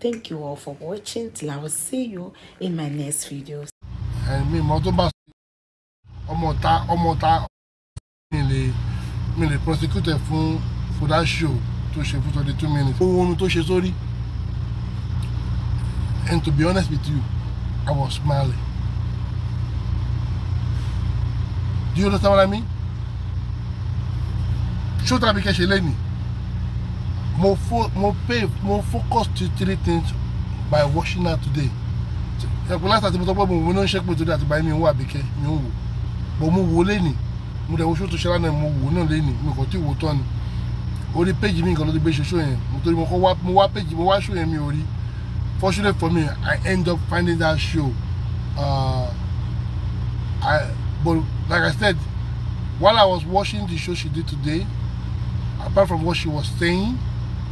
thank you all for watching till i will see you in my next videos. ẹ̀mí mo tó bá ọmọ ta ọmọ ta mi lè mi lè prosecute fún for that show tó ṣe fún twenty two minutes. ohun ohun tó ṣe sórí and to be honest with you i was smiling. do you understand what i mean? ṣó tàbí kẹ́ ṣe lẹ́nìí. More fo more pay more focus to three things by watching her today ẹ̀pẹ́ láti àti mo sọ pé mo wò ní ṣẹ́pẹ́ today àti báyìí mi ń wà bíkẹ́ mi ń wò bọ́ mo wò lẹ́nì mo dẹ̀ wo ṣó tó ṣe lánàá mo wò náà lẹ́nì mi kò tí ì wò tán ni orí péjì mi nǹkan ló ti gbé ṣe ṣó yẹn mo torí mo kọ́ wá mo wá péjì mo wá ṣó yẹn mi ò rí fortunately for me I end up finding that show uh, I, but like I said while I was watching the show she did today apart from what she was saying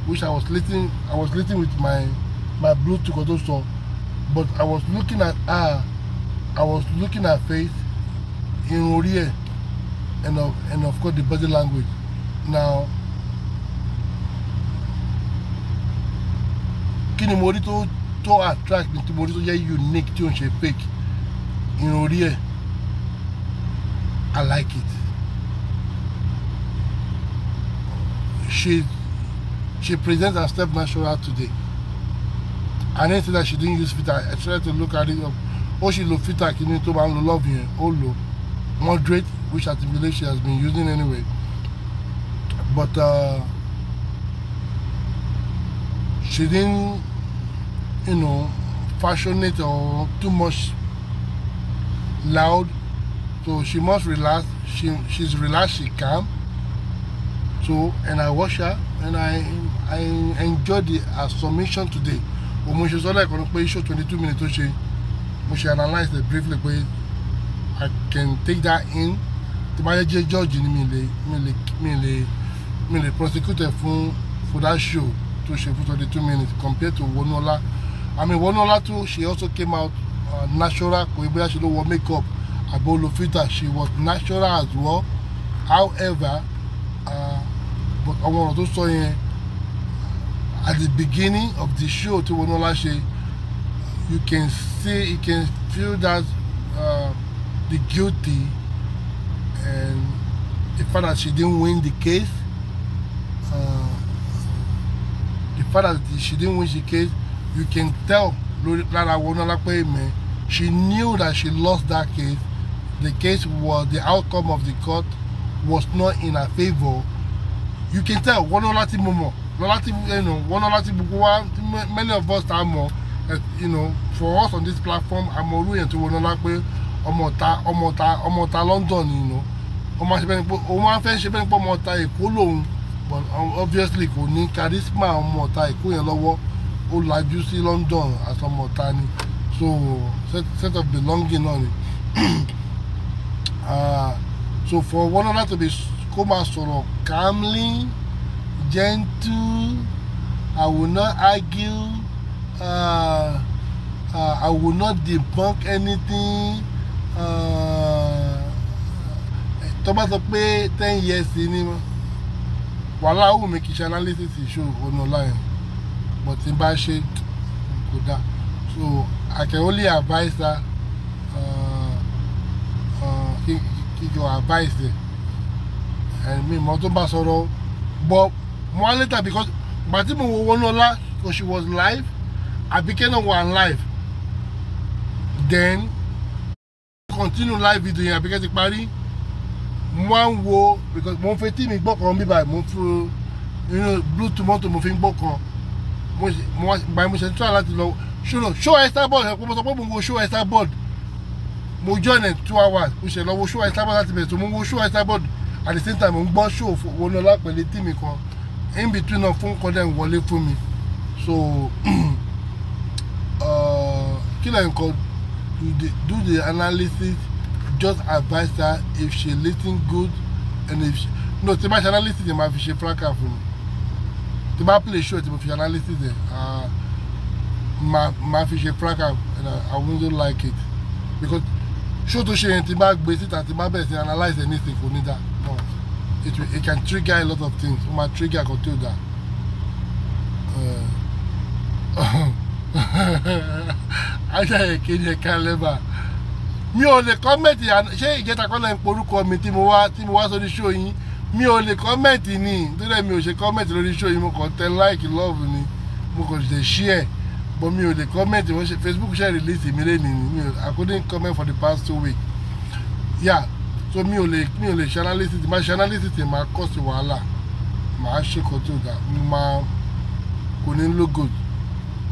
which I was listening I was listening with my my Bluetooth or those song. But I was looking at her, I was looking at faith, in Oriye and of and of course the body language. Now kini ni mo rí tó tó attract ní tí mo rí unique tí ò ń fake in orí I like it she's She presents her step natural today. And anything that she didn't use filter, I tried to look at it up. Ó ṣì lo filter kìíní tó máa ń lo love yẹn, ó lo moderate, which I believe she has been using anyway. But uh, she didn't, you know, fashion it or too much loud. So she must relax. She she's relaxed, she calm. So and I wash her and I I enjoyed the submission today òun mo ṣe sọ lẹ́ẹ̀kan pé iṣẹ́ twenty two minutes tó ṣe mo ṣe analyse it briefly pé I can take that in tí bá yẹ jẹ́ judge ni mi lè mi lè mi lè mi lè prosecute fún for that show tó ṣe fún twenty two minutes compared to Wonuola I mean Wonuola too she also came out uh, natural kò yẹ bóyá ṣe ló wọ make up àbí she was natural as well however but ọmọ ọ̀rọ̀ tó sọ yẹn at the beginning of the show tí Wonola ṣe you can see you can feel that uh, the guilty and the fact that she didn't win the case uh, the fact that she didn't win the case you can tell lára Wonola pé mẹ́ẹ́. she knew that she lost that case the case was the outcome of the court was not in her favour you can tell wọ́n náà láti mọ̀ mọ̀ lọ láti wọ́n náà láti gbogbo wa many of us more. Eh, you know, for us on this platform àmọ́ orú èèyàn tó wọ́n náà lá pé ọmọọ̀ta ọmọọ̀ta ọmọọ̀ta London ni you know ọmọ ṣe bẹ́ẹ̀ ni pé òun máa ń fẹ́ ṣe bẹ́ẹ̀ ni pé ọmọọ̀ta Èkó lòun but obviously kò ní charisma ọmọọ̀ta Èkó yẹn lọ́wọ́ ó lajú sí London as ọmọọ̀ta ni so set of belonging náà ni ah, so for one another to be kó máa sọ̀rọ̀ calmly gentle I will not argue I will not debunk anything uh, tó bá sọ pé ten years ni wàhálà wù mí kì í ṣe analysis ìṣòro ọ̀nà láyìn but tí n bá ṣe kò dáa so I can only advise her uh, uh, kí kí kí o advise her mi mọ tó bá sọ̀rọ̀ but more later because gbàtí mo wo Wonuola because she was live Abike náà wà live then continue live video yẹn Abike ti parí mo wá wo because mo ń fetí mi gbọ́ kan bíbá mo ń fún inú bluetooth mọ́tò mo fi ń gbọ́ kan mo gba mo ṣe ń try láti lọ ṣòro show extra board ẹ̀ pé mo sọ pé mo wo show extra board mo join ẹ̀ two hours mo ṣe lọ wo show extra board láti bẹ̀rẹ̀ tó mo wo show extra board at the same time ń gbọ́ show Owólọ́lá pẹ̀lú tìmí kan in between náà fún kọ́ dẹ̀ ń wọlé fún mi so uh, kí lẹ́yìn kan do the analysis just advise her if she listen good and if she no tí bá ṣe analysis yẹn máa fi ṣe franca fún mi tí bá play show tí mo fi ṣe analysis yẹn ah, máa fi ṣe franca and I, I wouldn't like it because show to ṣe yẹn tí bá gbé síta tí bá bẹ̀rẹ̀ sí analyse anything for ní dáa it, it can trigger a lot of things ó máa trigger kan tí I dà eh. ajá yẹn kéde ẹ̀ka lẹ́bà mi ò lè kọ́mẹ̀tì ṣé ìjẹta kọ́lẹ̀ ń porúkọ mi tí mo wá tí mo wá the show yín mi ò lè kọ́mẹ̀tì ni nítorí mi ò comment on the show yín mo kàn like love ni mo kàn share but me ò lè kọ́mẹ̀tì wọ́n Facebook share, release mi lẹ́nu mi ò I couldn't comment for the past two weeks yeah so mi ò lè mi ò lè ṣe analysis máa ṣe analysis máa kọ́ sí wàhálà máa ṣe kọ́ tó ga mo máa kò ní lógòd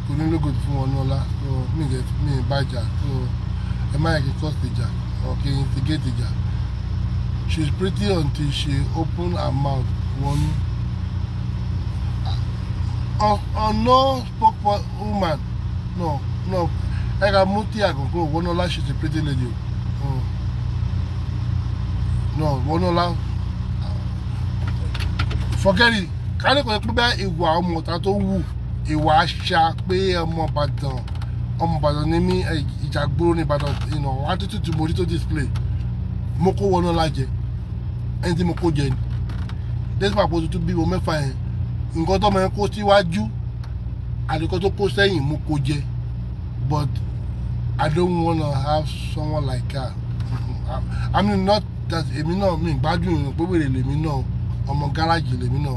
kò ní lógòd fún wọn lọ́la so mi ò mi ò bàjá so ẹ má yẹ kí kọ́ sí ìjà or kí n ti gé ti she is pretty until she open her mouth wọnú ah, ọ̀nà spokesman woman no no ẹ̀ka mú tí àgọ̀gọ̀ wọnú ọlá she is a pretty lady Oh no Wọnúọlá forget it kárí kò pé bá ìwà ọmọ ọ̀tá tó wù ìwà àṣà pé ọmọ Ìbàdàn ọmọ Ìbàdàn ní mí ìjàgbóró ní Ìbàdàn ìnà attitude tí mo rí tó display mo kó Wọnúọlá jẹ ẹni tí mo kó jẹ ni despite àpò tuntun bíbo mẹ́fà yẹn nǹkan tó máa ń kó síwájú àdìkọ́ tó kó sẹ́yìn mo kó jẹ but I don't wanna have someone like that. I mean not èmi náà mi gbádùn ìrìn pépèrè lèmi náà ọmọ gáràjì lèmi náà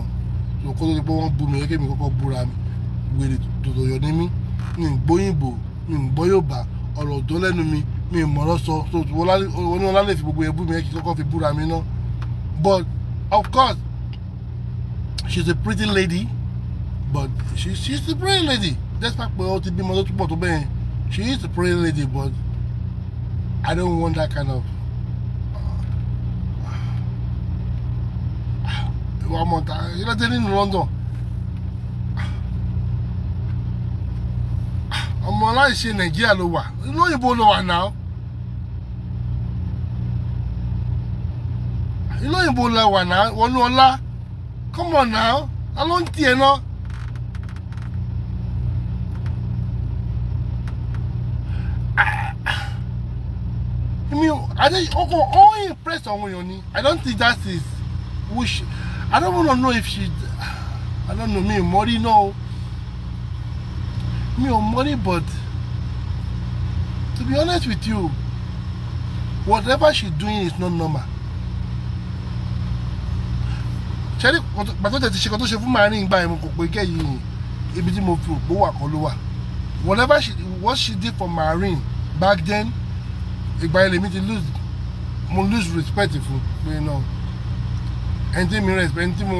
tó kó tó di pé wọ́n bú mi kémi kọ́kọ́ búra mi wèrè tòtòyọ̀ ní mí mi gbóyìnbó mi gbọ́ Yorùbá ọ̀rọ̀ tó lẹ́nu mi mi mọ̀rọ̀ sọ so wọ́n ní ọlá lè fi gbogbo ẹbú mi kí kọ́kọ́ fi búra mi náà but of course she's a pretty lady but she, she's a pretty lady despite pé ó ti bímọ tó túbọ̀ tó bẹ́ẹ̀ she is a pretty lady but I don't want that kind of ọmọ ta ìrẹsẹ̀ nínú London ọmọ aláìṣe Nàìjíríà ló wà inú òyìnbó ló wà náà inú òyìnbó ló wà náà wọnú ọlá come on now alọ́ ń tiẹ̀ náà. I mean, I think all, all impressed on you. I don't think that is wish. I don't wanna know if she. I don't know me or Mori no. Me or Mori, but to be honest with you, whatever she's doing is not normal. Ṣẹ́rí pàtó tẹ̀ ti ṣe kan tó ṣe fún màárín ìgbà ẹ̀mú kò pé gẹ́yìn ibi tí mo fi òpó wà kan ló wà. Whatever she what she did for Marine back then, ìgbà ẹlẹ́mi ti lose mo lose respect fún pé náà ẹni tí mi respect ẹni tí mo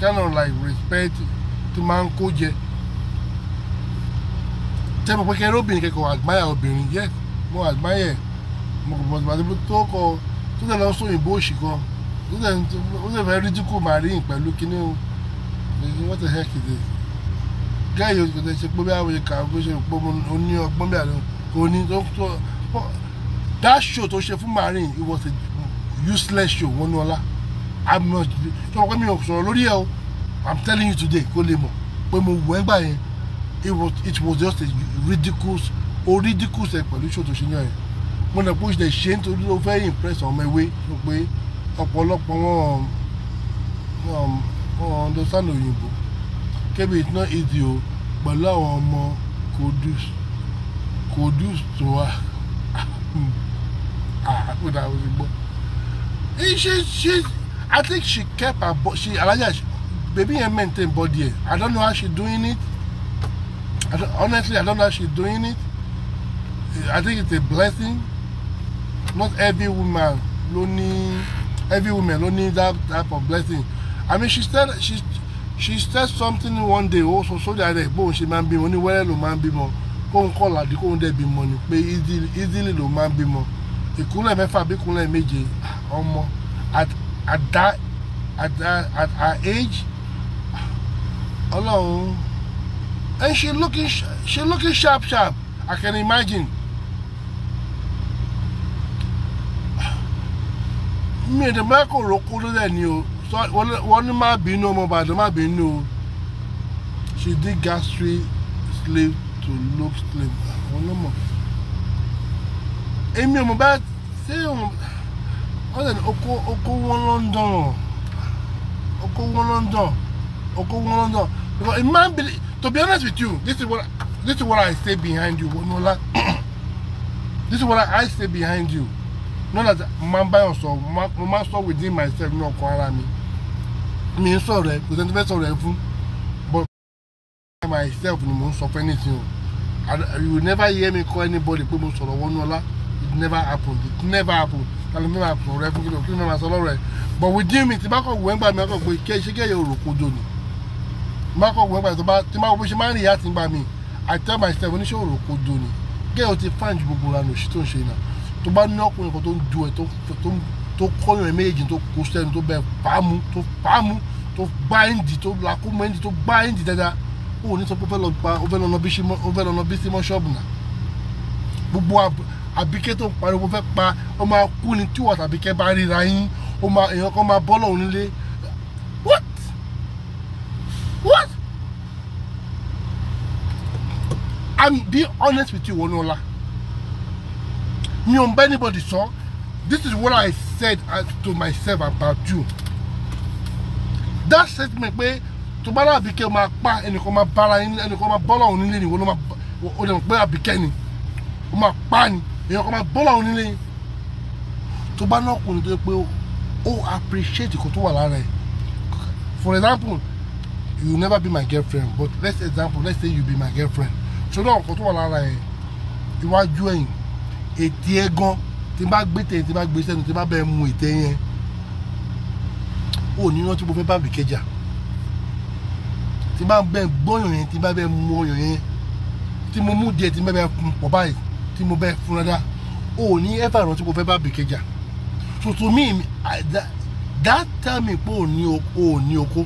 kind of like respect tí máa ń kó jẹ tẹ́ mo pé kẹ́rẹ́ obìnrin kẹ́kọ̀ọ́ admire obìnrin yes mo admire mo kò bọ̀ sípàdé tó kọ tó tẹ̀ lọ sóyìnbó òṣì kan ó sì fẹ́ ridicule marine pẹ̀lú kíní o what the heck is this gẹ́gẹ́ yóò kò ṣe pé bí àwọn ìka ọgbọ́n ṣe pé mo ní ọgbọ́n bí àwọn kò ní tó that show tó ṣe fún marine it was a useless show wọnú ọlá i'm not tí wọ́n pẹ́ mi ò sọ̀rọ̀ lórí ẹ̀ o i'm telling you today kó lè mọ̀ pé mo wù ẹ́ gbà yẹn it was it was just a ridiculous o ridiculous ẹ̀ pẹ̀lú ṣòtò ṣe yàn yẹn mo nà pé o ṣe ṣe nítorí o fẹ́ impress ọmọ ewé ló pé ọ̀pọ̀lọpọ̀ wọn um, wọn understand òyìnbó kébì it's not easy o pẹ̀lú àwọn ọmọ kudus kudus tó wà àkúdà ah, àwọn ti gbọ́. I think she kept her body. She, Elijah, she, baby, and maintain body. I don't know how she doing it. I don't, honestly, I don't know how she doing it. I think it's a blessing. Not every woman, lonely, every woman lonely that type of blessing. I mean, she said she she said something one day also so that like, bóun ṣe máa ń bímọ ní wẹ́rẹ́ ló máa ń bímọ kóun kọ́ làdí kóun dẹ̀ bímọ ni pé easily ló máa ń bímọ ìkúnlẹ̀ mẹ́fà bí ìkúnlẹ̀ méje ọmọ at at that at that at our age alone and she looking she looking sharp sharp I can imagine mi de ma ko ro ko de ni o so wọ́n ní má bínú ọmọ Ìbàdàn má bínú o she did gastric sleeve to look slim. One more. èmi ò mọ̀ bá ṣé òun wọ́n tẹ̀lé oko oko wọn London oko wọn London oko wọn London because a man believe to be honest with you this is what this is what I say behind you Wonola this is what I, I stay behind you not that man by yourself mo man sọ within myself No quarrel me. mi mi ń sọ̀rọ̀ ẹ kò sẹ́ni fẹ́ but myself ni mo ń sọ anything I you will never hear me call anybody Put most pé mo sọ̀rọ̀ Wonola it never happened. it never happened kálí mi máa pọ̀ rẹ fún kílò kí mi máa sọ lọ́rọ̀ ẹ̀ but with jimmy tí bá kọ̀ wẹ́ ń gbà mí akọ̀ pé ṣe kí yẹ òròkó jò ní tí bá kọ̀ wẹ́ ń gbà tí wo bó ṣe máa ń rìn ti ń gbà I tell my oníṣẹ́ òròkó jò ní kí ẹ o ti fáǹjì gbogbo ra nùsí tó ń ṣe náà tó bá ní ọkùnrin kan tó ń du ẹ tó kọ́yàn méjèèjì tó kó sẹ́nu tó bẹ fàámu tó fàámu tó gbá ẹ̀ǹdì tó lakó mẹ́ǹdì tó gbá ẹ̀ǹdì dáadáa ó ní sọ pé ó fẹ́ lọ bí sí mọ́ náà gbogbo àbíkẹ́ tó ń pariwo fẹ́ pa ó máa kú ni tí wọ́n tàbíkẹ́ bá ríra yín ó máa èèyàn kan máa bọ́ lọ́hùn nílé what what i'm being honest with you Wonuola mi ò ń bá anybody sọ this is what i said to myself about you that statement pé tó bá dàbí kí o máa pa ẹnìkan máa bára ẹnìkan máa bọ́ lọ́hùn nílé ni wọ́n máa ó lè mọ̀ pé àbíkẹ́ ni ó máa pa ni èèyàn kan máa bọ́lá òun nílé tó bá náà kùnrin tó yẹ pé ó appreciate ìkó tó wà lára ẹ̀ for example you never be my girlfriend but let's example let's say you be my girlfriend ṣọdọ̀ ọ̀kọ́ tó wà lára ẹ̀ iwájú ẹ̀yìn ètí ẹ̀ gan tí n bá gbé tẹ̀yìn tí n bá gbé sẹ́nu tí n bá bẹ̀ mu ètè yẹn ò ní rántí mo fẹ́ bá mi kẹjà tí n bá bẹ̀ gbọ́yàn yẹn tí n bá bẹ̀ mu ọyàn yẹn tí mo mú díẹ̀ tí n bá bẹ̀ pọ̀ báyìí tí mo bẹ fún dada o ò ní ẹ́fà ìrántí mo fẹ́ bá bì kẹjà tuntun mi dáta mi pé o ò ní oko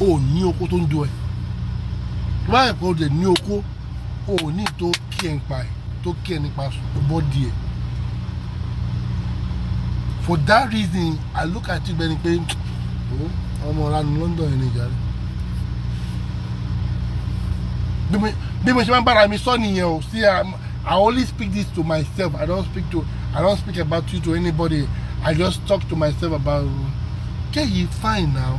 o ò ní oko tó ń do ẹ láì pé o dẹ̀ ní oko o ní tó kí ẹ nípa ẹ tó kí ẹ nípa bọ́dì ẹ for that reason I look at you bẹ́ẹ̀ ni pé hmm, ọmọ ọ̀la London yẹn nìjà rẹ̀ bí mo ṣe máa ń bára mi sọ nìyẹn o see I only speak this to myself I don't speak to I don't speak about you to anybody I just talk to myself about kéyìí fine now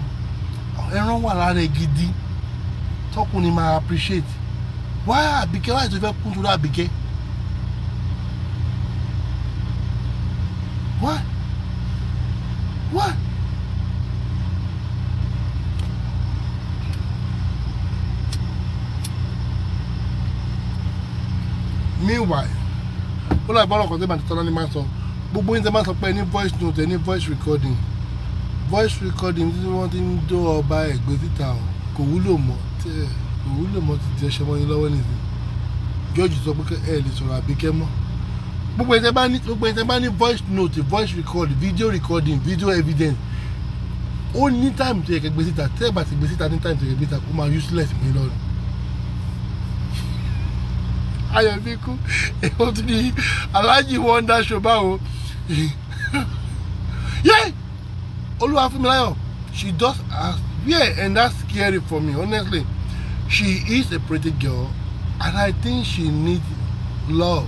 ẹran wà lára ẹ gidi tọkùnrin máa appreciate why Àbíkẹ́ why tó fẹ́ kún tó lọ Àbíkẹ́. meanwhile ó lọ́ọ̀ ìbára ọkọ̀ tó bá ti tọ́lá ní máa sọ gbogbo yín tẹ́ máa sọ pé ní voice note ẹ̀ ní voice recording voice recording tí wọ́n ti ń dó ọba ẹ̀gbẹ́ síta o kò wúlò mọ́ tẹ́ kò wúlò mọ́ ti di ẹṣẹ́ mọ́ lọ́wọ́ nìyí george sọ pé ẹ lè sọ̀rọ̀ àbíkẹ́ mọ́ gbogbo yín tẹ́ bá ní gbogbo yín tẹ́ bá ní voice note voice recording video recording video evidence ó ní time tó yẹ kẹ́ gbé síta tẹ́ bá ti gbé síta ní time tó yẹ gbé síta kó máa useless mi lọ́rùn ayọ̀bíkú èèwọ̀ tún ní aláàjì wọ́ndà ṣọba o yẹ́ẹ̀ olúwàfúnmiláyọ̀ she does as yeah and that's scary for me honestly she is a pretty girl and I think she needs love.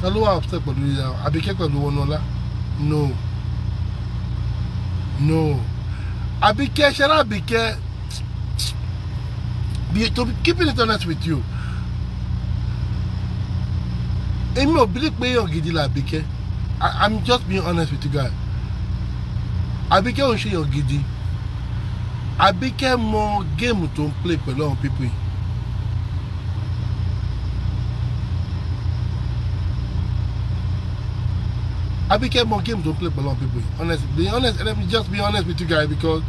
ta ló wà upset pẹ̀lú ìyá Àbíkẹ́ pẹ̀lú Wọnúọlá no no Àbíkẹ́ ṣẹ́rá Àbíkẹ́ be to keep it honest with you èmi ò believe pé èèyàn gidi la Àbíkẹ́ i'm just being honest with you guys Àbíkẹ́ ò ń ṣe èèyàn gidi Àbíkẹ́ mọ géèmù tó ń play pẹ̀lú àwọn pípé Àbíkẹ́ mọ géèmù tó ń play pẹ̀lú àwọn pípé honest be honest let me just be honest with you guys because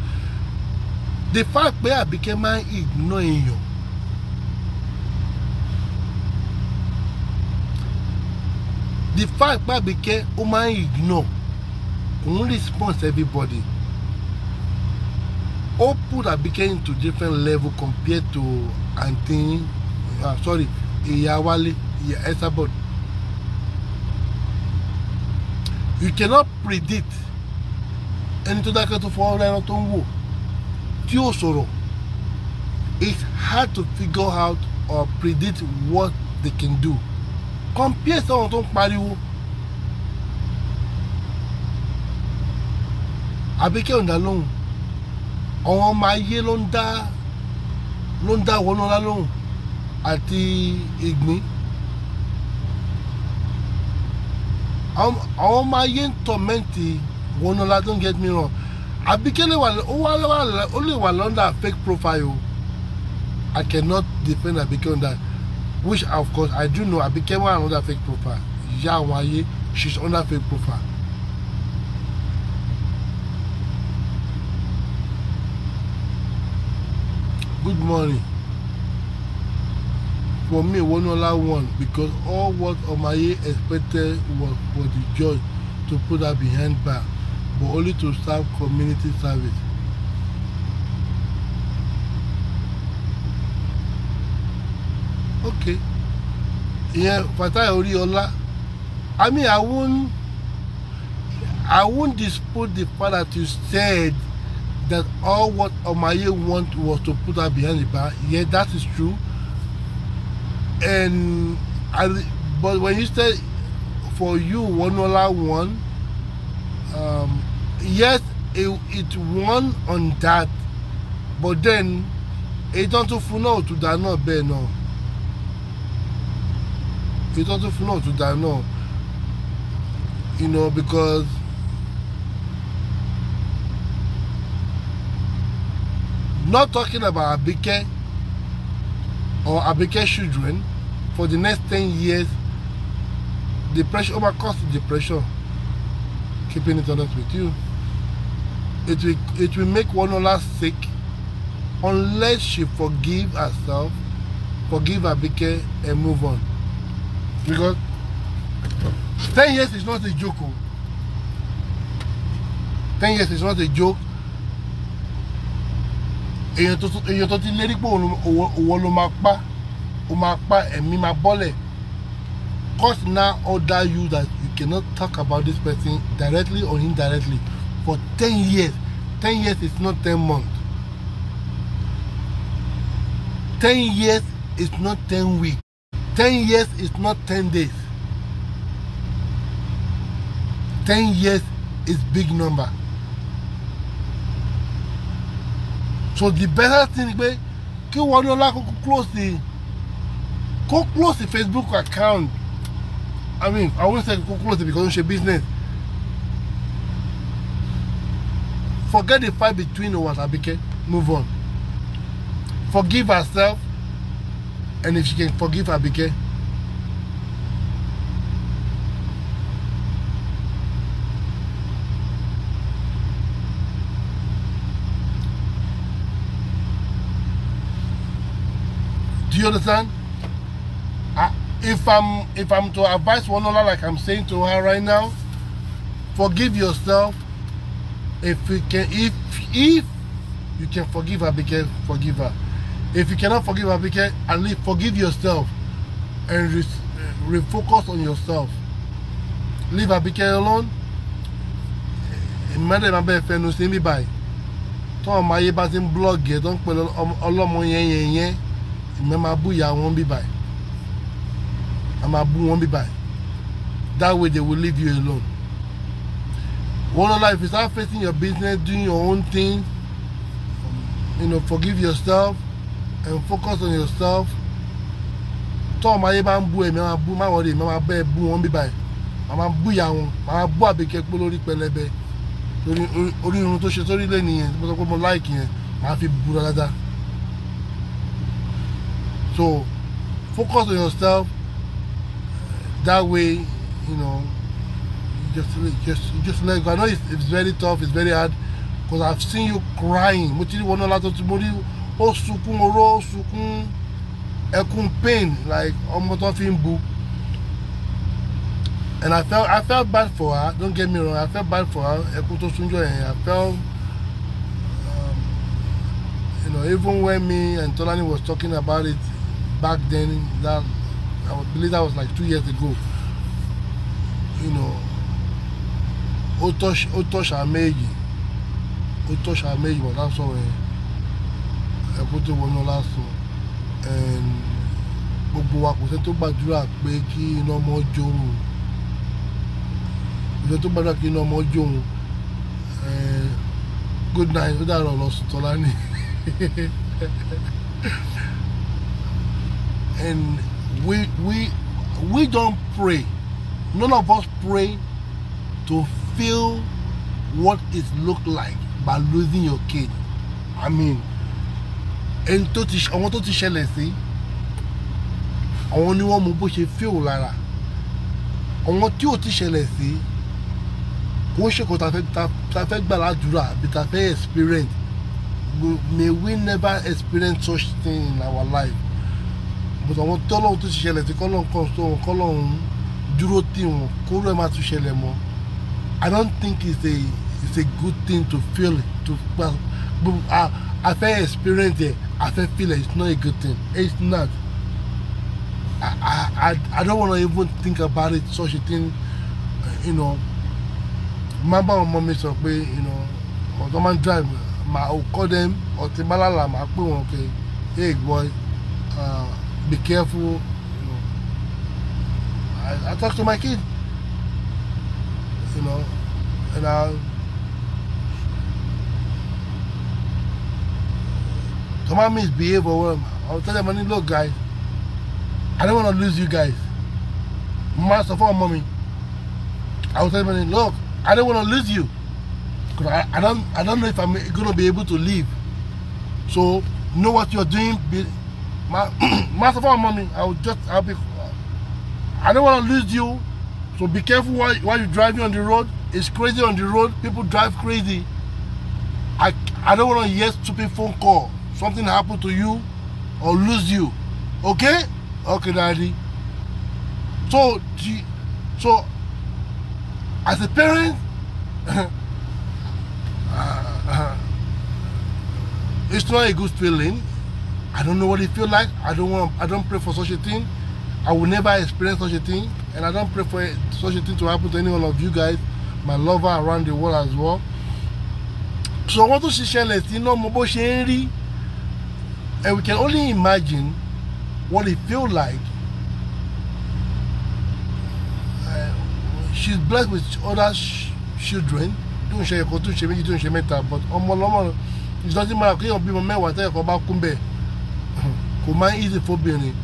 the fact pé Àbíkẹ́ máa ń ignore èèyàn the fact pé Àbíkẹ́ ó máa ń ignore òun response everybody ó put Àbíkẹ́ into different level compared to aunty uh, sorry ìyá Wálé you cannot predict ẹni tó dákẹ́ tó fọ́ ọ́ rẹ́rán tó ń wò tí ò sọ̀rọ̀ it's hard to figure out or predict what they can do compare sọ́wọ́n tó ń pariwo àbíkẹ́ ọ̀dà lóhùn ọ̀wọ́n ọmọ ayé ló ń dá ló ń dá wọnúlá lóhùn àti ìgbín àwọn ọmọ ayé ń tọ̀mẹ́ǹtì wọnúlá don't get me wrong àbíkẹ́lẹ̀ ó lè wà lọ́ndà fake profile I cannot defend Abike on that which of course I do know Abike wà under fake profile ìyá àwọn ayé she is under fake profile. good morning for me Wonola won because all what Omaye expected was for the judge to put her behind bar but only to serve community service. Okay. Yeah, Fatai Oriola. I mean, I won't, I won't dispute the fact that you said that all what Omaye want was to put her behind the bar. Yeah, that is true. And I, but when you said for you, one Wonola one. Um, yes, it, it won on that, but then èyí tó ń tún fún náà òtún dáná bẹ́ẹ̀ náà èyí tó fún náà òtún dáná you know because not talking about Abike or Abike children for the next ten years depression overcome depression keeping it honest with you, it will, it will make one another sick unless she forgive herself, forgive Abike, and move on. Because 10 years is not a joke. 10 years is not a joke. èèyàn tó ti lérí pé òun ló máa pa òun máa pa ẹ̀mí máa bọ́lẹ̀ course now order you that you cannot talk about this person directly or indirectly for 10 years 10 years is not 10 months 10 years is not 10 weeks 10 years is not 10 days 10 years is big number so the better thing is pé one wọn ní close the kó close the Facebook account I mean, I won't say close because it's a business. Forget the fight between us, Abike. Move on. Forgive herself, and if she can forgive Abike, Do you understand? if I'm if I'm to advise one another like I'm saying to her right now, forgive yourself. If you can, if if you can forgive her, Abike, forgive her. If you cannot forgive her, Abike, at least forgive yourself and re refocus on yourself. Leave Abike alone. Ìmọ̀lẹ́ máa bẹ̀rẹ̀ fẹnu sí mi báyìí. Tọ́ ọmọ ayé bá ti ń blọ́ọ̀gì ẹ̀ tó ń pẹ̀lú ọlọ́mọ yẹn yẹn yẹn. Ìmọ̀ máa bú a máa bú wọn bí báyìí that way they will leave you alone one of life is start facing your business doing your own thing you know forgive yourself and focus on yourself tó ọmọ ayé bá ń bú ẹ̀mí máa bú máa wọlé ẹ̀mí máa bẹ́ẹ̀ bú wọn bí báyìí máa bú ìyá wọn máa bú àbíkẹ́ pé lórí pẹlẹbẹ orí irun tó ṣe sórí lé nìyẹn mo sọ pé mo láìkì yẹn máa fi bú dáadáa so focus on yourself that way, you know, just just just let go. I know it's, it's very tough, it's very hard, because I've seen you crying. Mo ti rí wọn náà látọ̀ tí mo rí ó sunkún oró pain like ọmọ tó fi ń And I felt I felt bad for her. Don't get me wrong, I felt bad for her. Ẹkún tó sunjọ I felt. Um, you know, even when me and Tolani was talking about it back then, that I believe that was like two years ago. You know, ó touch ó touch àwọn méjì ó touch àwọn méjì but that's all eh, ẹ̀kú tó wọnú lásán gbogbo wa kò sẹ́ni tó gbàdúrà pé kí iná ọmọ jóun kò sẹ́ni tó gbàdúrà kí iná ọmọ jóun eh, good night ó dàrọ̀ lọ sùn tọ́lá ni and we we we don't pray none of us pray to feel what it look like by losing your kid i mean ẹni tó ti àwọn tó ti ṣẹlẹ̀ sí àwọn ni wọ́n mú bó ṣe feel lára àwọn tí ò ti ṣẹlẹ̀ sí kò ṣèkò ta fẹ́ gbà ládùúrà àbí ta fẹ́ experience may we never experience such thing in our life but àwọn tọ́lọ́hún tó ti ṣẹlẹ̀ tí kọ́lọ́hún kan tó wọn kọ́lọ́hún dúró tì wọn kóró ẹ̀ máa tún ṣẹlẹ̀ mọ́ i don't think it's a it's a good thing to feel it, to I fẹ́ experience it i fẹ́ feel it it's not a good thing it's not i i i don't wanna even think about it such a thing you know máa bá àwọn ọmọ mi sọ pé you know ọ̀dọ́ máa ń drive ma i will call them ọ̀tí bálàlà máa pè wọ́n pé hey boy. Uh, be careful. You know. I, I talk to my kid, you know, and I. Come on, misbehave or whatever. I'll tell them, I look, guys. I don't want to lose you guys. Master for mommy. I'll tell them, look, I don't want to lose you. Cause I, I don't, I don't know if I'm gonna be able to leave. So know what you're doing. Be, my master for mommy i will just i'll be i don't want to lose you so be careful while, while you're driving on the road it's crazy on the road people drive crazy i i don't want to hear stupid phone call something happen to you or lose you okay okay daddy so the, so as a parent it's not a good feeling I don't know what it feels like. I don't want. I don't pray for such a thing. I will never experience such a thing, and I don't pray for such a thing to happen to any one of you guys, my lover around the world as well. So what does she ṣẹlẹ̀ sí iná mo bó ṣe And we can only imagine what it feels like. Uh, she's blessed with other sh children. Tó ń ṣe ẹ̀kọ́, tó ń ṣe méjì, tó ń ṣe mẹ́ta, but ọmọ ọlọ́mọ it doesn't matter kéèyàn bímọ mẹ́wàá tẹ́yẹ̀kọ́ bá kún bẹ́ẹ̀ kò máa ń easy fóbìnrin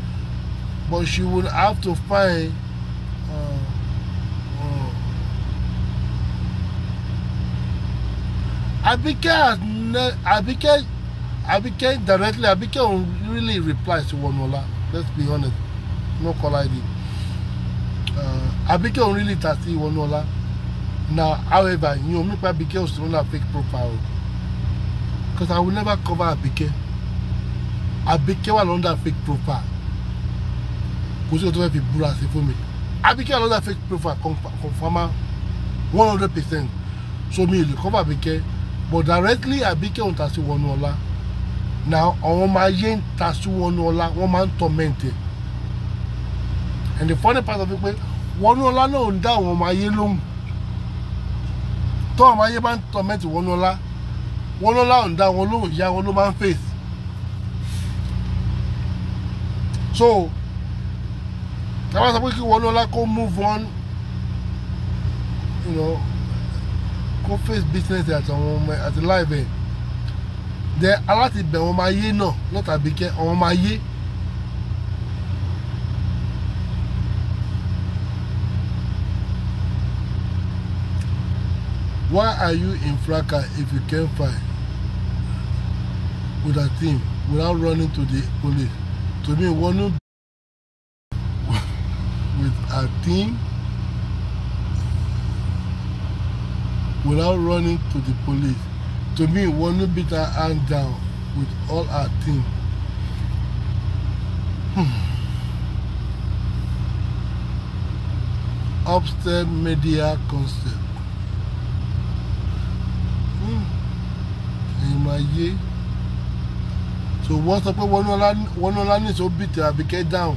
but she would have to find uh, uh, Abike has ne Abike Abike directly Abike really reply to Wonola let's be honest no call ID uh, Abike really tàti Wonola now however you know me Abike Osinola fake profile because I will never cover Abike. Àbíkẹ́ wà lọ́ndà fake profile kò sí ọ̀tọ́ fẹ́ fi búra sí fún mi Àbíkẹ́ wà lọ́ndà fake profile confirmer one hundred percent so mi ò lè cover Àbíkẹ́ but directly Àbíkẹ́ òun tàṣí wọnú ọlá na àwọn ọmọ ayé ń tàṣí wọnú ọlá wọ́n máa ń torment and the funny part of it pé wọnú ọlá náà ń dá àwọn ọmọ ayé lóhùn tó àwọn ọmọ ayé bá ń torment wọnú ọlá wọnú ọlá ń dá wọn lóhùn ìyá wọn ló máa ń face so káwá sọ pé kí Wọnúọlá kó move on you know, kó face business àti àwọn ọmọ àti life ẹ̀ then aláti bẹ̀ wọn máa yé náà lọ́tà bí kẹ́ àwọn máa Why are you in fracas if you can fight with a team without running to the police? To today Wonu with our team without running to the police. To me, one Wonu beat our hand down with all our team. Hmm. Upstairs media concept. Hmm. In my year so wọ́n sọ pé Wọnúọlá ní so beat Àbíkẹ́ down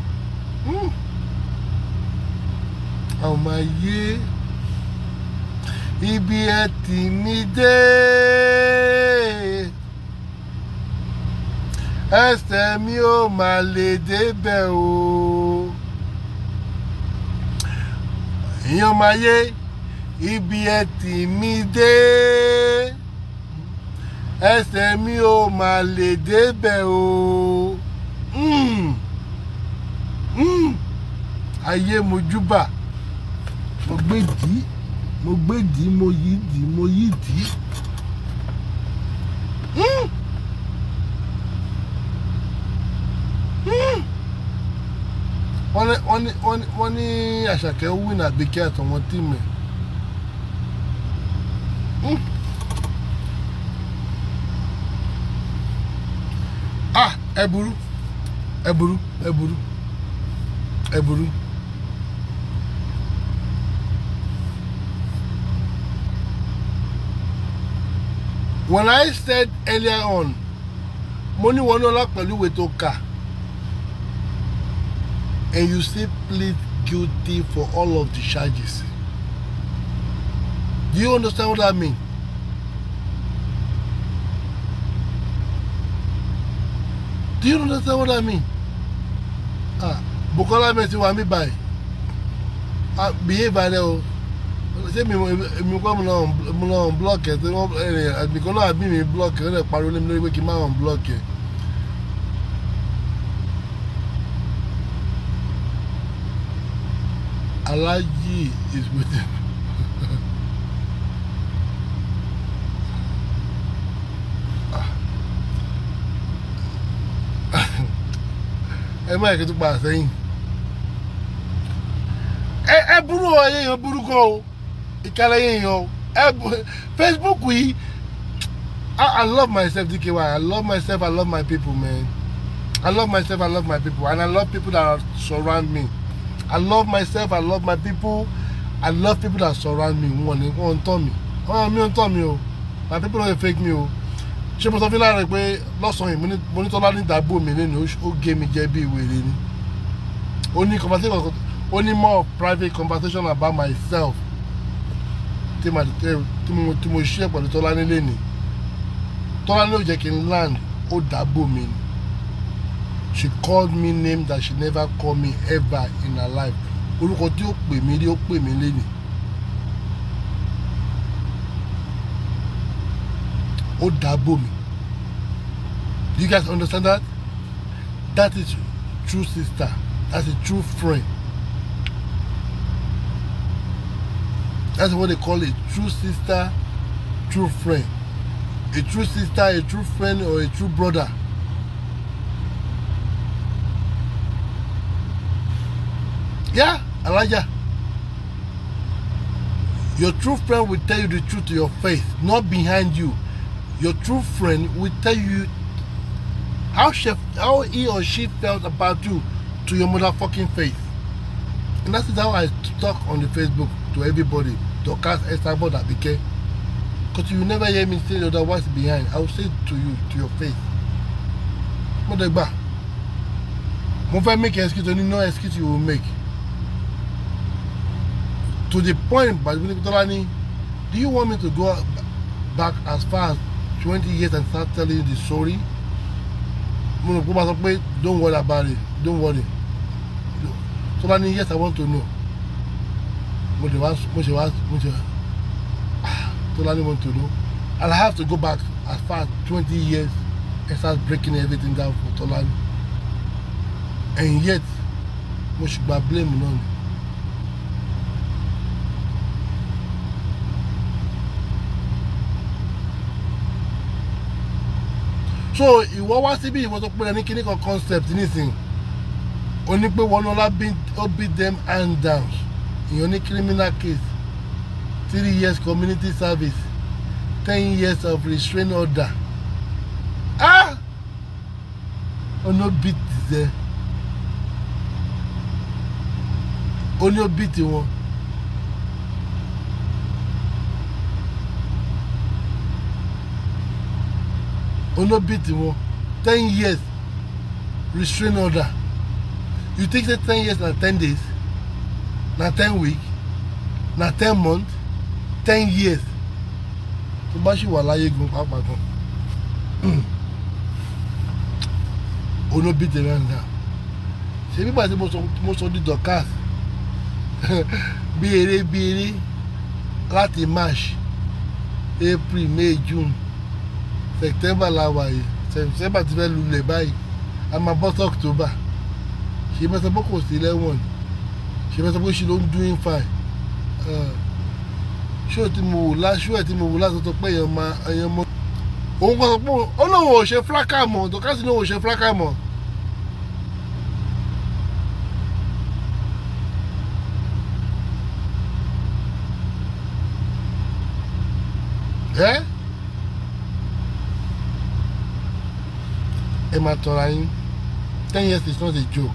àwọn hmm. máa yé ibi ẹ tì mí dé ẹsẹ̀ mi ò máa lè débẹ̀ o èèyàn máa yé ibi ẹ tì mí dé ẹsẹ̀ mi ò mà lè débẹ̀ o hmm. Hmm. ayé mojúbà mo gbé dì mo gbé dì mo yí dì mo yí dì. Mm. wọ́n ní àṣàkẹ́ win àbíkẹ́ àtọ̀wọ́n tì mí. Mm. ẹ burú ẹ burú ẹ burú ẹ burú. When I said earlier on mo ní wọn lọ́la pẹ̀lú ìwé tó kà and you still plead guilty for all of the charges. Do you understand what I mean? Do you understand what I mean? Ah, Bukola Mẹ́tì wà mí báyìí. Ah, behave like that o. Ṣé mi mi kọ́ mi náà mo náà block ẹ̀ tí wọ́n ẹ̀ àgbẹ̀kọ́ náà bí mi block ẹ̀ ó lè pariwo lé mi lórí pé kí n má wọn block ẹ̀. Alaji is with him. ẹ má yẹ tó pa àsẹ́yìn ẹ burú ọ ẹyẹ yẹn burú kọ o ìkàlẹ̀ yẹn yẹn o Facebook yìí I, love myself DKY I love myself I love my people man I love myself I love my people and I love people that surround me I love myself I love my people I love people that surround me wọn ni wọn ń tọ́ mi wọn mi ń tọ́ mi o my people no dey fake me o ṣé mo sọ fún láàrin pé lọ́sàn-án yìí mo ní tọ́lá mi lẹ́nu ó gé mi jẹ́ bí ìwèrè ni ó ní conversation ó ní more private conversation about myself tí mo ṣe pẹ̀lú tọ́lá nílé ni tọ́lá ní ò jẹ́ kí n land ó dágbò mi ni she called me name that she never called me ever in her life orúkọ tí ó pè mí rí ó pè mí lẹ́nu ó dáàbò mi do you guys understand that that is true sister that's a true friend that's what they call a true sister true friend a true sister a true friend or a true brother yeah Elijah your true friend will tell you the truth to your face not behind you your true friend will tell you how she, how he or she felt about you to your motherfucking face. And that's how I talk on the Facebook to everybody, to cast a Esabo that became. Because you never hear me say other words behind. I will say it to you, to your face. Modegba. Mo I make excuse only no excuse you will make. To the point, but Tolani, do you want me to go back as far as twenty years and start telling you the story mo rò pé sọ pé don't worry about it don't worry So many years I want to know mo ṣe wá mo ṣe wá mo ṣe So ah, many want to know and I have to go back as far as twenty years and start breaking everything down for Tolani and yet mo ṣùgbọ́n blame náà so ìwọ wá síbí ìwọ tó pé ẹni kíní kan concept nísìnyí o ní pé Wọnúọlá ó beat them hand down ìyẹn ní criminal case three years community service ten years of restraint order ah ó ní ó beat ẹ ó ní ó beat wọn. olóbìtì wọn ten years restrain order you think say ten years na ten days na ten week na ten month ten years To bá ṣì wà láyé gun pàápàá gan olóbìtì rẹ nìyà ṣe nígbà tí mo sọ di dorcas bí eré bí eré láti march april may june september la wà yìí september ti fẹ́ lulẹ̀ báyìí a máa bọ́ sí october ṣe mẹ́ta bó kò sí lẹ́wọ̀n ṣe mẹ́ta bó ṣe ló ń dún fine ṣó tí mo wò lá ṣó ẹ̀ tí mo wò lá sọ pé èèyàn máa èèyàn mọ́ òun kò sọ pé ó lóun ò ṣe fúlákà mọ́ dọ́kásì lóun ò ṣe fúlákà mọ́. ẹ́ eh? ẹ máa tọ́ra yín ten years is not a joke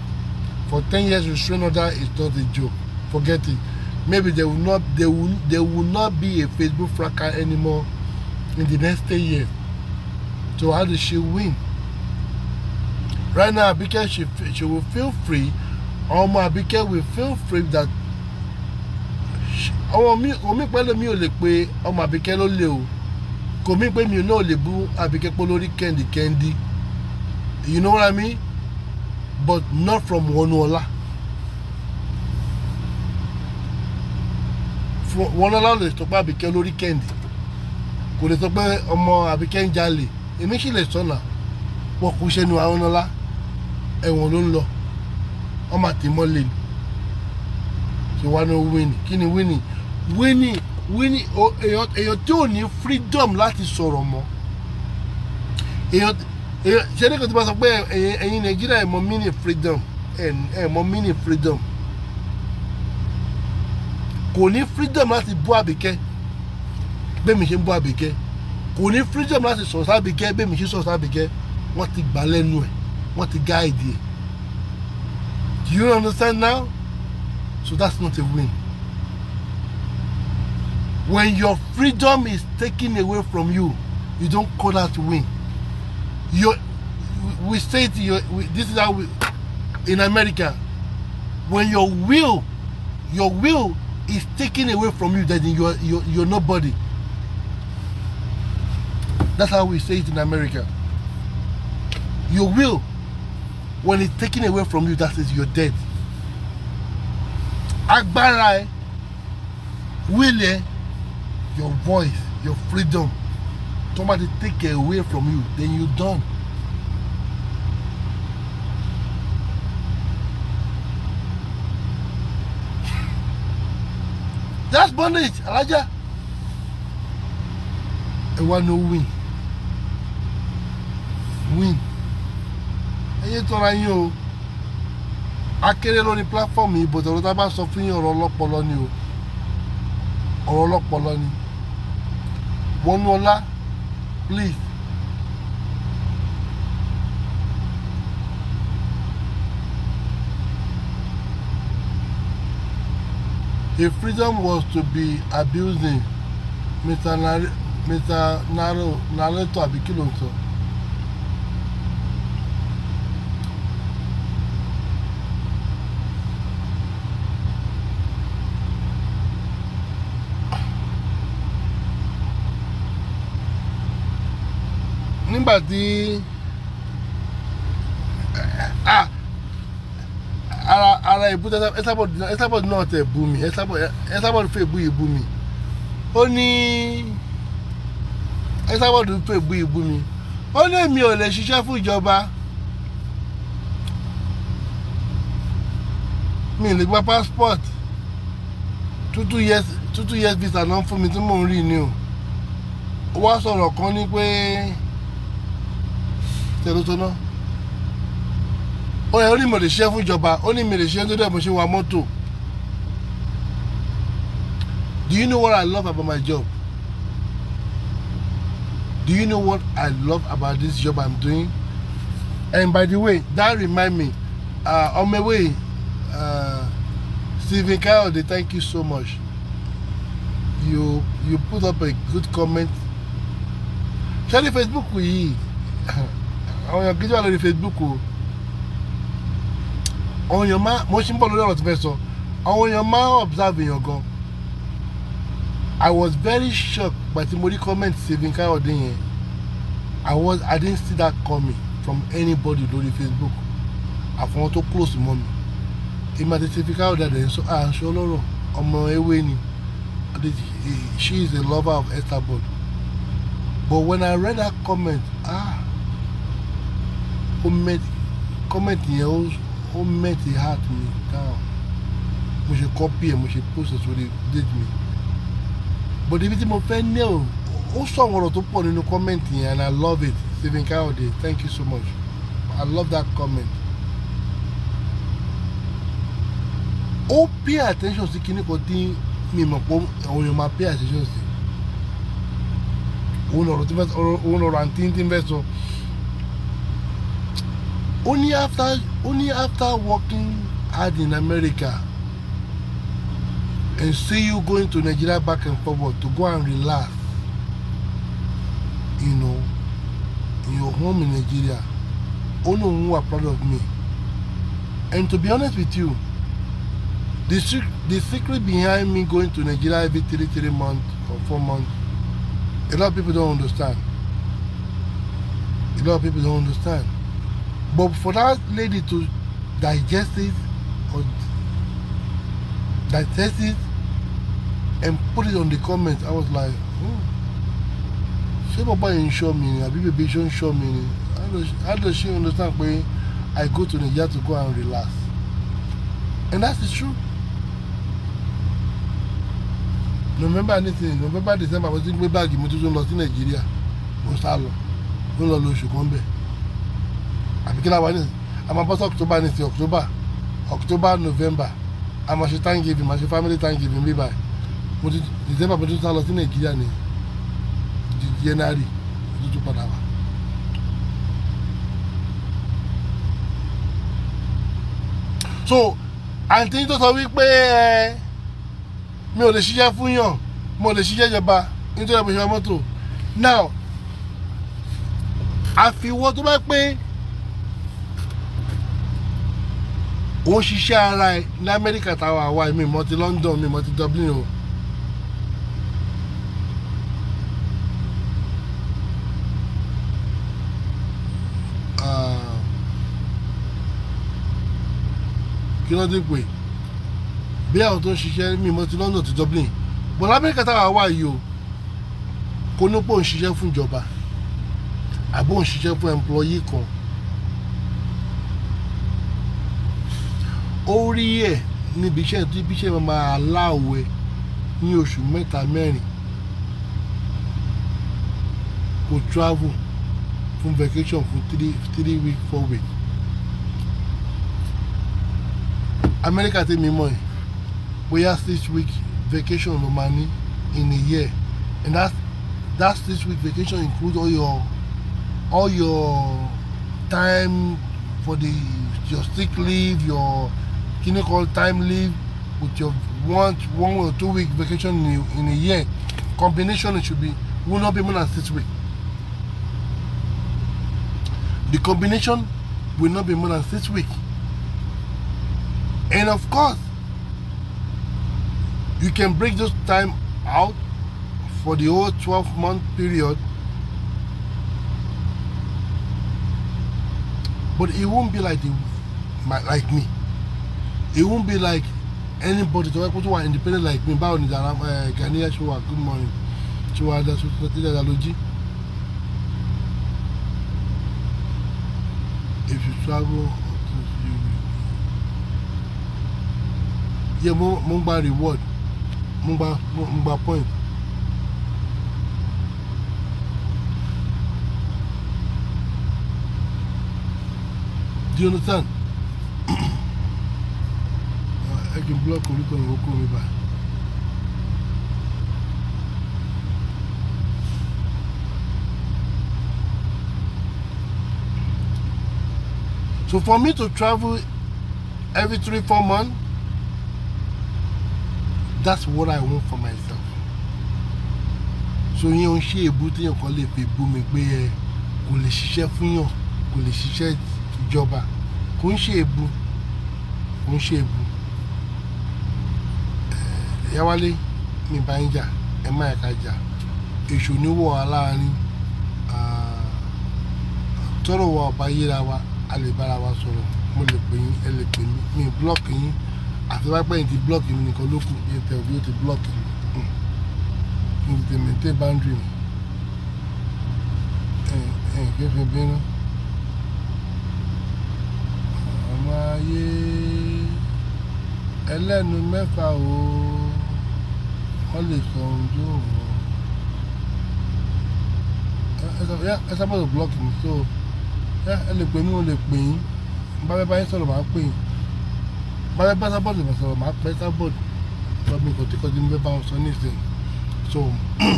for ten years you train another is not a joke forget it maybe there will not there will there will not be a Facebook fracas anymore in the next ten years so how does she win right now Abike she she will feel free ọmọ Abike will feel free that ọmọ mi omi pẹ̀lú mi ò lè pe ọmọ Abike ló lè o kò mí pé mi ò náà lè bú Abike pé lórí kẹ́ndìkẹ́ndì. Kendi. kendi You know what I mean? But not from Wonuola. Wonuola lè sọ pé Àbíkẹ́ lórí kẹ́ndì. Kò lè sọ pé ọmọ Àbíkẹ́ ń jalè. Èmi sì lè sọ̀nà. Wọ́n kò ṣẹ́nu àwọn ọ̀nà ẹ̀wọ̀n ló ń lọ. Ọmọ àtìmọ́lé ni ṣe wá ní wíìnì kí ni wíìnì wíìnì wíìnì èèyàn tí ò ní freedom láti sọ̀rọ̀ mọ́ èèyàn ṣe ní kò tí ma sọ pé ẹ̀yin nàìjíríà ẹ mọ̀ mini freedom ẹ mọ̀ mini freedom kò ní freedom láti bú àbíkẹ́ bẹ́ẹ̀mi ṣe ń bú àbíkẹ́ kò ní freedom láti sọ̀rọ̀ sábìkẹ́ bẹ́ẹ̀mi ṣe sọ̀rọ̀ sábìkẹ́ wọ́n ti gbà lẹ́nu ẹ̀ wọ́n ti gáàdì ẹ̀ do you understand now so that's not a win when your freedom is taken away from you you don't call that win your we say to you this is how we in America when your will your will is taken away from you then you're you're, you're nobody that's how we say it in America your will when it's taken away from you that is you're dead agbára ẹ will your voice your freedom Somebody take it away from you then you done. that's bondage Elijah. I want no win win ẹyẹ tọ́ra yín o akéré lórí platform yìí bọ̀dọ̀ other man suffering or sọ fún yín ọ̀rọ̀ ọlọ́pọlọ ni o ọ̀rọ̀ ọlọ́pọlọ ni wọnú ọlá Please. If freedom was to be abusing, Mr. Mr. Naro Narrator Abikilonso, nígbà tí ah, ara ara ìbú Esabod Esabod náà tẹ̀ bú mi Esabod fẹ́ bú ìbú mi ó ní Esabod fẹ́ bú ìbú mi ó ní èmi ò lè ṣiṣẹ́ fún ìjọba mi lè gba passport two two years two two years visa náà fún mi tí mò ń rí ni o wá sọ̀rọ̀ kan ní pé. Pe tẹnutọ́nà ó yẹ ó ní mo lè ṣiṣẹ́ fún ìjọba ó ní mi lè ṣiṣẹ́ tó dẹ̀ mo ṣe wa mọ́tò do you know what I love about my job do you know what I love about this job I'm doing and by the way that remind me uh, on my way uh, Stephen Kayode thank you so much you you put up a good comment ṣé ní Facebook yìí. àwọn èèyàn gidi wà lórí Facebook o àwọn èèyàn máa mo ṣe ń bọ̀ lórí ọ̀rọ̀ tí fẹ́ sọ àwọn èèyàn máa observe èèyàn gan I was very shocked by the mo comment saving Káyọ̀dé yẹn I was I didn't see that coming from anybody lórí Facebook àfọwọ́n tó close mọ́ mi èmi àti saving Káyọ̀dé àdéhìn sọ àṣọ ọlọ́rọ̀ ọmọ ewé ni she is a lover of Estabod but when I read that comment ah Comment, mẹ́tì kọ́mẹ̀tì yẹn ó mẹ́tì heart mi down mo ṣe kọ́pì ẹ̀ mo ṣe post sórí date mi but ibi tí mo fẹ́ ní o ó sọ àwọn ọ̀rọ̀ tó pọ̀ nínú kọ́mẹ̀ntì yẹn and I love it Stephen Kayode thank you so much I love that comment. ó pay attention sí kíní kan tí mi mọ̀ pé àwọn èèyàn máa pay attention sí òun ọ̀rọ̀ àǹtí tí ń fẹ́ sọ. So Only after, only after working hard in America and see you going to Nigeria back and forward to go and relax, you know, in your home in Nigeria, only who are proud of me. And to be honest with you, the, the secret behind me going to Nigeria every three, three months or four months, a lot of people don't understand. A lot of people don't understand. But for that lady to digest it or digest it and put it on the comment, I was like, oh, ṣé bàbá yìí ń ṣọ́ baby ni àbí bèbí How does she understand pé I go to Nigeria to go and relax? And that's the truth. November anything November December I was ń gbé báàgì mo tuntun lọ sí Nàìjíríà mo sá lọ mo lọ lọ oṣù kan bẹ́ẹ̀ àbí kí la wà a máa bọ́ sí october ní ti october october november a máa ṣe thanksgiving máa ṣe family thanksgiving bí báyìí mo ti december mo ti tún lọ sí nàìjíríà ní january mo tún padà wá. so àǹtí tó sọ wípé ẹ mi ò lè ṣiṣẹ́ fún yàn mo lè ṣiṣẹ́ ìjọba nítorí ẹ̀ mo ṣe mọ́tò now àfiwọ́ tó bá pé. ó ń ṣiṣẹ́ ara ẹ̀ ní amẹ́ríkà táwa àwa mi mọ́ ti london mi mọ́ ti dublin o. Ah. kí ló dé pé bí àwọn tó ń ṣiṣẹ́ mi mọ́ ti london ti dublin bọ̀ lamẹ́ríkà táwa àwa yìí o kó ní pò ń ṣiṣẹ́ fún ìjọba àbò ń ṣiṣẹ́ fún ẹ̀mplọ́yì kan. ó rí ẹ̀ níbi iṣẹ́ tó ibi iṣẹ́ máa láwẹ̀ ní oṣù mẹ́ta mẹ́rin kò travel fún vacation fún three three week four week America tèmi mọ̀ ẹ́ bóyá six week vacation ló máa ní in a year and that that six week vacation includes all your all your time for the your sick leave your kini call time leave with your one one or two week vacation in a, in a year combination it should be will not be more than six weeks the combination will not be more than six weeks and of course you can break this time out for the whole 12 month period but it won't be like the, like me it won't be like anybody tó yẹ kó tó independent like me báwo ni dara eh, Gani ṣe good morning ṣe wà dá tuntun tí dada ló if you travel e. yeah, mo mo ń gba reward mo ń gba mo ń gba point. do you understand? di blọọkụ orúkọ ìwọ kó mi bá. So for me to travel every three, four months, that's what I want for myself. So yẹn ń ṣe èbú téèyàn kan lè fi bú mi pé ẹ kò lè ṣiṣẹ́ fún yàn kò lè ṣiṣẹ́ ìjọba kò ń ṣe èbú kò ń ṣe èbú ìyá wálé mi bá ń jà ẹ má ẹ̀ka jà èṣù níwọ̀ aláàárín tọrọ wa ọba wa a wa sọ̀rọ̀ mo lè pè yín ẹ lè pè mi blọọkì yín àti wápẹ́ yìí ti blọọkì mi nìkan ló kù bí ẹ tẹ̀ bí ó ti blọọkì mi mo hmm. ti maintain boundary mi kéfin bínú ọmọ ayé ẹlẹ́nu mẹ́fà ooo wọ́n lè sọ ohun tó wù ọ́ ẹ sábà so ẹ lè pè mí mo lè pè yín bábẹ́ báyìí sọ̀rọ̀ máa pè yín bábẹ́ bá sábọ̀dù lè sọ̀rọ̀ máa pẹ́ sábọ̀dù lọ́gbìn kò tí kò tí mo fẹ́ bá wọn so.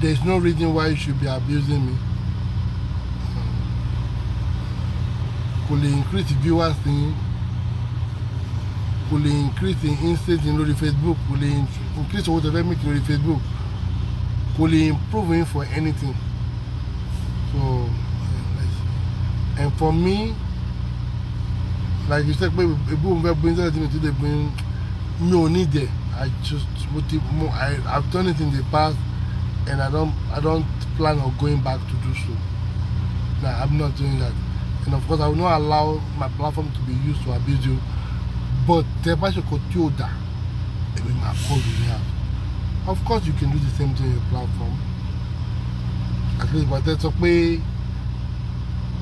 There's no reason why you should be abusing me. kò lè increase viewers yín kò lè increase in yín lórí facebook kò lè increase owó tó fẹ́ make lórí facebook kò lè improve yín for anything so and for me like you said pé ebú mi fẹ́ bring something to the bring mi ò ní dẹ̀ i just mo ti mo i have done it in the past and i don't i don't plan on going back to do so Now i'm not doing that and of course I will not allow my platform to be used to abuse you but tẹ bá ṣe kò that ò dà èmi máa of course you can do the same thing on your platform at least bàtẹ́ sọ pé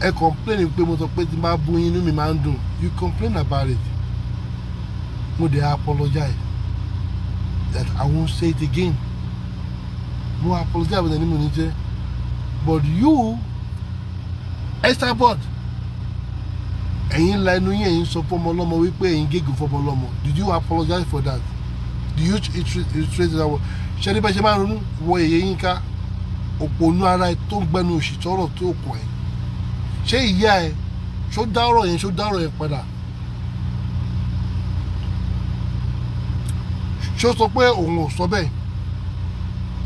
ẹ complain pé mo sọ pay tí n bá bú you complain about it mo they apologize that I won't say it again mo apologize with any money? but you extra board ẹ̀yin la inú yín sọ fọmọ ọlọ́mọ wípé ẹ̀yin gégùn fọmọ ọlọ́mọ did you apologize for that did you illustrate that word ṣé ní bá ṣe máa ń ronú wọ èyí yín ká òpònú ara ẹ tó ń gbẹnu òṣì tọrọ tó kọ ẹ ṣé ìyá ẹ ṣó dá ọ̀rọ̀ yẹn ṣó dá ọ̀rọ̀ yẹn padà ṣó sọ pé òun ò sọ bẹ́ẹ̀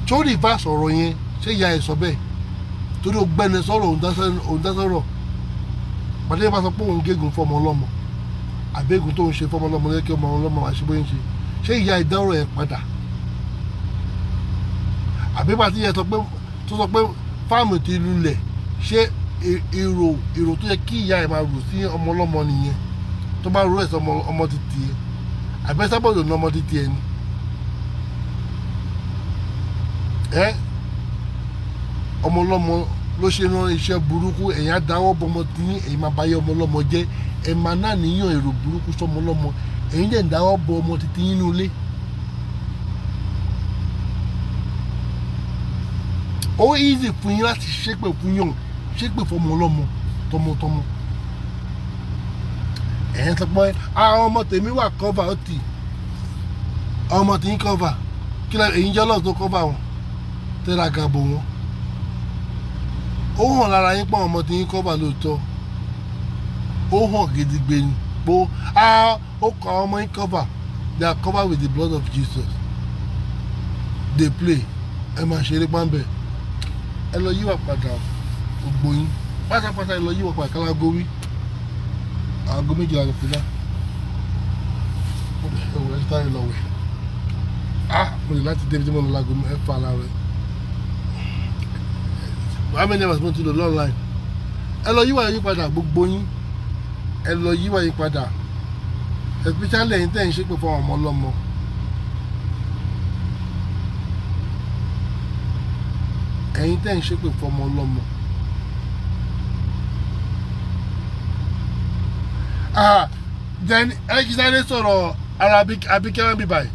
tó rí ìbá sọ̀rọ̀ yẹn ṣé ìyá ẹ sọ bẹ́ẹ̀ torí o gbẹnu sọ̀rọ̀ òun dá sọ̀rọ̀ pàdé yẹn bá sọ pé òun gégùn fọmọ ọlọ́mọ àbẹ́gùn tó ń ṣe fọmọ ọlọ́mọ lẹ́kẹ́ ọmọ ọlọ́mọ àṣebóyè ń ṣe ṣé ìyá ìdánwò ẹ̀ padà àbẹ́gbà tí yẹn tó sọ pé fáàmù ti lulẹ̀ ṣé e, èrò èrò tó yẹ kí ìyá ẹ̀ máa rò sí ọmọ ọlọ́mọ nìyẹn tó bá rú ẹ̀sọ́ ọmọ títì ẹ̀ àbẹ́ sábọ̀dọ̀ ní ọmọ títì ẹ̀ ni ẹ ọmọ ọlọ́mọ ló ṣe rán iṣẹ́ burúkú ẹ̀yin adáwọ́ bọmọ tí yín ẹ̀yin máa báyé ọmọ ọlọ́mọ jẹ́ ẹ̀ máa náà níyàn èrò burúkú sọmọ ọlọ́mọ ẹ̀yin dẹ̀ ń dáwọ́ bọ ọmọ títí yín nulẹ̀. ó easy fún yín láti ṣépè fún yàn ṣépè fọmọ ọlọ́mọ tọmọtọmọ ẹ̀yin sọ pé àwọn ọmọ tèmi wà cover ó tì ọmọ tí ń cover kí lẹ́yìn ẹ̀yin jẹ́ ọlọ́run tó cover wọn tẹ́ra gàbọ̀ wọn ó hàn lára yín pé àwọn ọmọ tí yín kọ́ bà lóòótọ́ ó hàn gidigbe ni pé ó kọ ọmọ yín cover they are covered with the blood of Jesus they play ẹ máa ṣeré pàmbẹ ẹ lọ yíwà padà gbogbo yín pátápátá ẹ lọ yíwà padà kálágó wí aago méjìlá ló kọjá ó lè ṣe ìwé ẹ sáré lọ wẹ ah mo lè láti débi tí mo lọ láago mẹ́fà láàárọ̀ how many hours mo ti lò online ẹ lọ yíwà yí padà gbogbo yín ẹ lọ yíwà yí padà especially ẹ̀yin tẹ́ ń ṣépè fún àwọn ọmọ ọlọ́mọ. ẹ̀yin tẹ́ ń ṣépè fún ọmọ ọlọ́mọ. then ẹ kí sáré sọ̀rọ̀ arabic abikẹ́wọ́n bíbáyìí.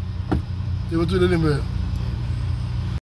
They were doing it anyway.